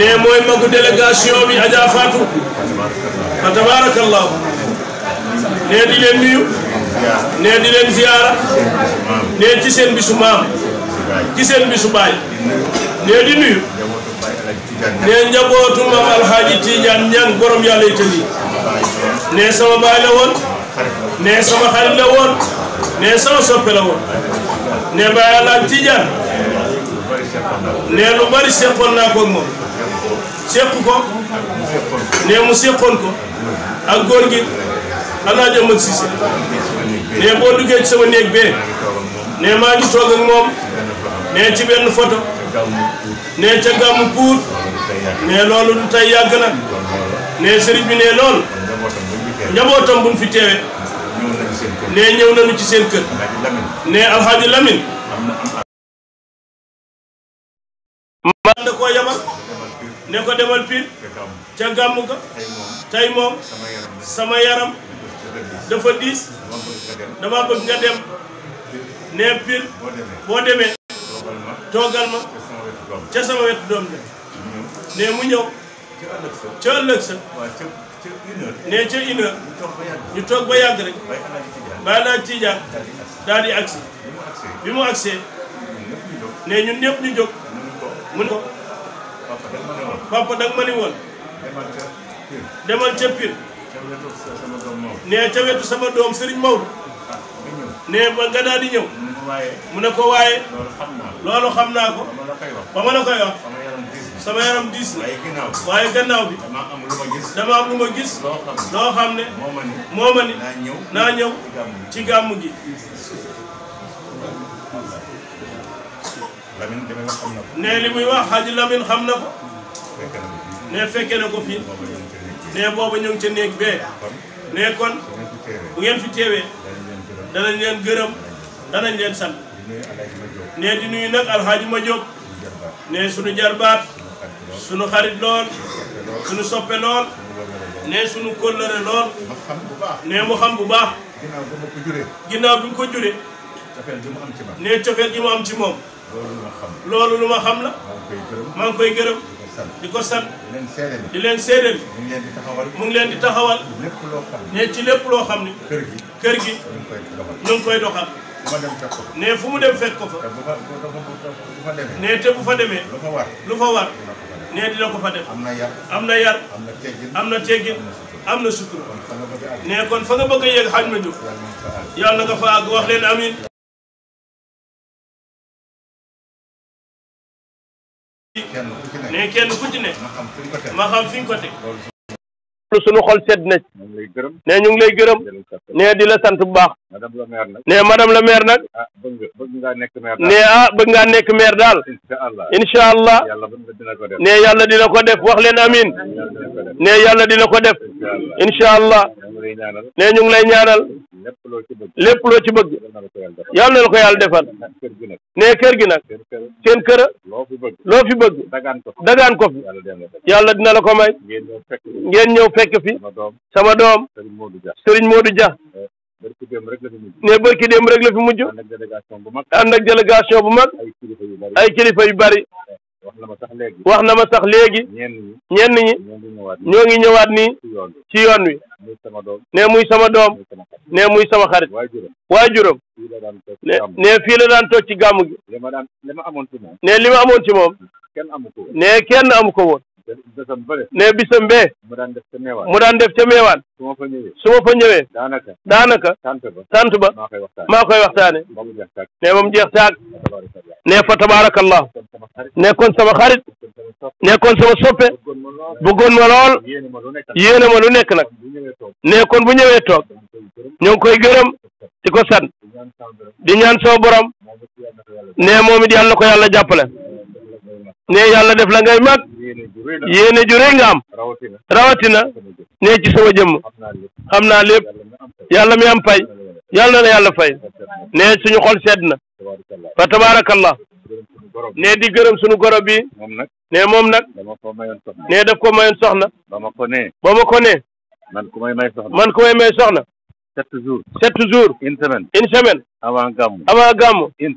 ne mooy magu délégation bi Adja Fatou fa tabarakallahu ne di leen nuyu ne di leen ziyaara ne ci bisu maam ci bisu baay ne di nuyu ne njabootu maam alxaaji Tidiane Niang borom yàlla itali ne sama baay la woon ne sama xarit la woon ne sama soppe la woon ne baay alxaaji Tidiane ne lu bari seqoon naa ko moom séq ko ne mu séqoon ko ak góor gi Alaaji Amat Sise ne boo duggee ci sama néeg bee ne maa ngi moom ne ci benn photo ne ca gàmmu puut ne loolu du tey yàgg na ne sëriñ bi ne lool njabootam fi teewe ne ñëw nañu ci seen kër ne Alxaaji Lamin ne ko demal pir ca gàmm ga tey moom sama yaram dafa diis dama bëgg nga dem ne pir boo demee toogal ca sama wetu doom ne ne mu ñëw ca ëllëg ne ca une ñu toog ba yàgg rek bàyyi laa tiijaan daal di agsi bi mu agsee ne ñun ñëpp ñu jóg mu ko papa dag ma won demal ci pir ne ci wetu sama dom serigne Maodo ah, ne ba nga daal di ñew mu ne ko waye lolu xamna ko ba ma la koy wax sama yaram diis waye gannaaw bi dama am lu ma gis lo xamne ne ma ni na ñew ci gamu gi ne li wax ne fekkee na ko fii ne booba ñoo ngi ca néeg bee ne kon bu ngeen fi teewee danañ leen gërëm danañ leen sant ne di nuyu nag alxaaji ma jóg ne suñu jarbaat suñu xarit lool suñu soppe lool ne suñu kóllëre lool ne mu xam bu baax ginnaaw bi ko juree ne cofeel gi mu am ci moom loolu lu ma xam la maa koy gërëm di ko sant di leen seedeel di leen seedeel ngi leen di taxawal mu ngi leen lépp loo xam ne ne ci lépp loo xam ne kër gi kër gi ñu ngi koy doxal ne fu mu dem fekk ko fa ne te bu fa demee lu fa war ne dina ko fa def am na yar am na yar am na teggin am na sutura ne kon fa nga bëgg a yegg xaj ma jóg yàlla nga fa àgg wax leen amin mais xol sedd na ne ñu ngi lay gërëm ne di la sant bu baax ne madame la maire nag ah, ne ah bëgg ngaa nekk maire allah ne yàlla dina ko def wax leen amin ne yàlla dina ko def allah ñu ngi lay ñaanal lépp loo ci bëgg yàlla la ko defal nee kër gi nag seen kër loo fi bëgg loo fi bëgg dagaan ko fi yàlla dina la ko may ngeen ñëw fekk fi sama doom Serigne Modou Dia eh, ne bërki démb rek la fi mujj ànd ak délégation bu mag ay kilifa yu bari eh, wax na ma sax léegi ñenn ñi ñoo ngi ñëwaat nii ci yoon wi ne muy sama doom ne muy sama xarit waajuram ne fii la daan toog ci gàmmu gi ne li ma amoon ci moom ne kenn amu ko woon ne bisam bee mu daan def ca meewaan su ma fa ñëwee daanaka tant ba maa koy waxtaane ne moom jeex taag ne fa tabaarakallahu ne kon sama xarit ne kon sama soppe bëggoon ma lool yéene ma lu nekk nag ne kon bu ñëwee toog ñoo ngi koy gërëm di ko sant di ñaan soo borom ne moom it yàlla ko yàlla jàppale ne yàlla def la ngay mag yéene ju nga am rawatina ne ci sama jëmm xam naa lépp yàlla mi am fay yàlla na yàlla fay ne suñu xol sedd na fa tabaarakallah ne di gërëm suñu goro bi ne moom nag ne daf ko mayoon soxna ba ma ko ne man ku may may soxna sept jours sept jours une semaine une semaine avant gàmm avant gàmm une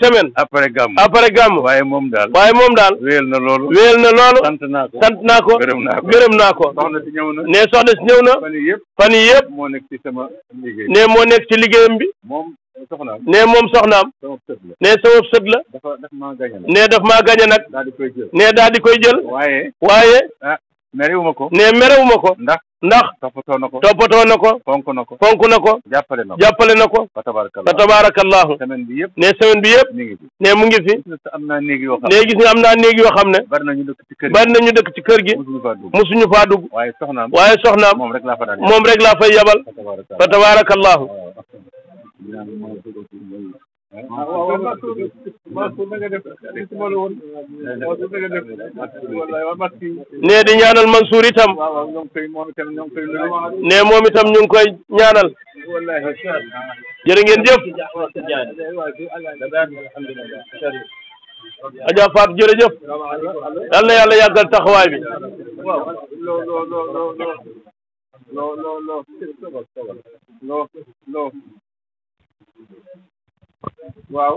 semaine après gàmm après gàmm waaye moom daal waaye moom daal wéyal na loolu wéyal na loolu sant naa ko sant naa ko gërëm naa ko gërëm naa na ne soxna si ñëw na fan yii yëpp ne moo nekk ci liggéeyam bi moom soxnaam ne moom soxnaam ne sama la ne daf maa gañe nag ne daal di koy jël waaye ah. merewuma ko ne merewuma ko ndax ndax toppatoo na ko toppatoo na ko fonk na ko fonk na ko jàppale na ko jàppale na ko fa tabarakallahu semaine bi yëpp ne semaine bi yëpp ne mu ngi fi am naa néeg yoo xam ne gis am naa néeg yoo xam ne bari na dëkk ci kër gi bari dëkk ci kër gi musuñu faa dugg waaye soxnaam waaye soxnaam moom rek laa fa moom rek laa fay yabal fa tabarakallahu nee di ñaanal Mansour itam. nee moom itam ñu ngi koy ñaanal. jërë ngeen jëf. Adja Faat jërëjëf. yal na yàlla yàggal taxawaay bi. waaw.